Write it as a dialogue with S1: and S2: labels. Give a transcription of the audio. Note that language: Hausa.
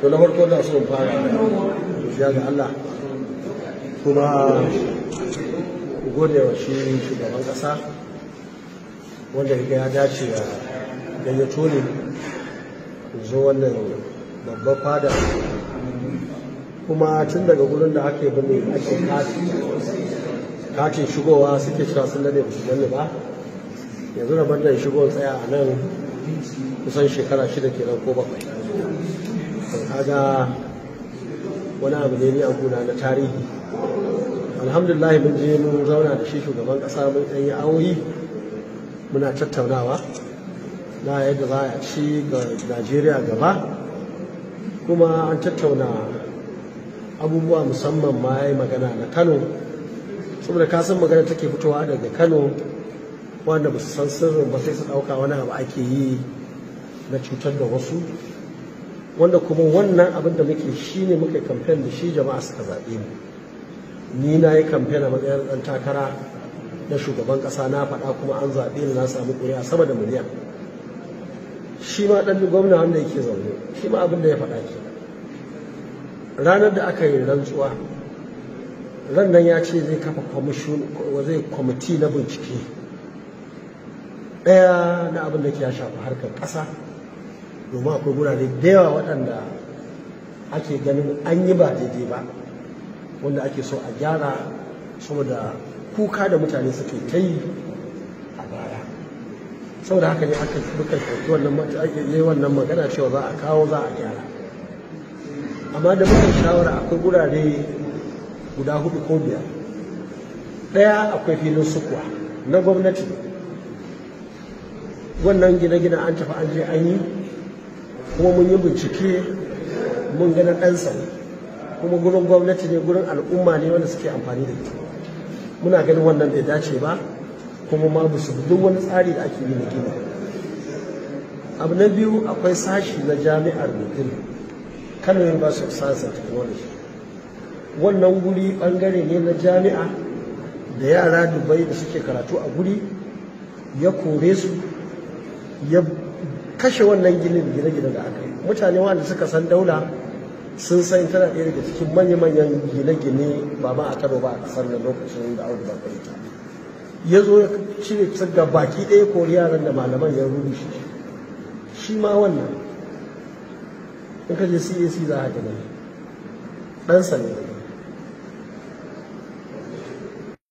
S1: to na farko da sun fara ya ga Allah kuma gode wa shi shugaban kasa wanda ya dace da ya ne zo wannan babban fada kuma tun daga gurin da ake bane ake kati shigowa suke cewa sun dade ba su ba yanzu da bandan shigo tsaya a nan kusan shekara shida kenan ko bakwai kaga wani abu ne ni a gona na tarihi alhamdulillah mun je mun zauna da shi shugaban kasa mun ɗan yi awoyi muna tattaunawa na yadda za a ci ga najeriya gaba kuma an tattauna abubuwa musamman ma ya magana na kano saboda kasan magana take fitowa daga kano wanda ba su san sirrin ba sai su ɗauka wani abu ake yi na cutar da wasu wanda kuma wannan abin da muke shi ne muka kamfen da shi jama'a suka zaɓe mu ni na yi kamfen a matsayin ɗan takara na shugaban ƙasa na faɗa kuma an zaɓe ni na samu ƙuri'a sama da miliyan shi ma ɗan gwamna wanda yake zaune shi ma abin da ya faɗa ke ranar da aka yi rantsuwa ran nan ya ce zai kafa zai kwamiti na bincike ɗaya na abin da ke ya shafi harkar ƙasa domin akwai gurare da yawa waɗanda ake ganin an yi ba daidai ba wanda ake so a gyara saboda kuka da mutane suke ta yi a baya saboda haka ne aka muka ɗauki wannan wannan magana cewa za a kawo za a gyara amma da muka shawara akwai gurare guda hudu ko biyar ɗaya akwai filin sukuwa na gwamnati wannan gine-gine an tafi an je an yi kuma mun yi bincike mun ɗan ɗansa kuma gurin gwamnati ne gurin al'umma ne wanda suke amfani da ita muna ganin wannan bai dace ba kuma ma ba su duk wani tsari da ake yi na gina abu na biyu akwai sashi na jami'ar mutum kano university of science and technology wannan guri bangare ne na jami'a da yara dubai da suke karatu a guri ya kore su ya kashe wannan ginin gine-gine da aka yi mutane wanda suka san daula sun san tana ɗaya daga cikin manya-manyan gine-gine ba ma a taro ba a ƙasar da lokacin da audu bakwai ta ya zo ya cire kusan ga baki ɗaya kori yaran da malaman ya rubu shi Shi ma wannan in ka je cac za a gani ɗansa ne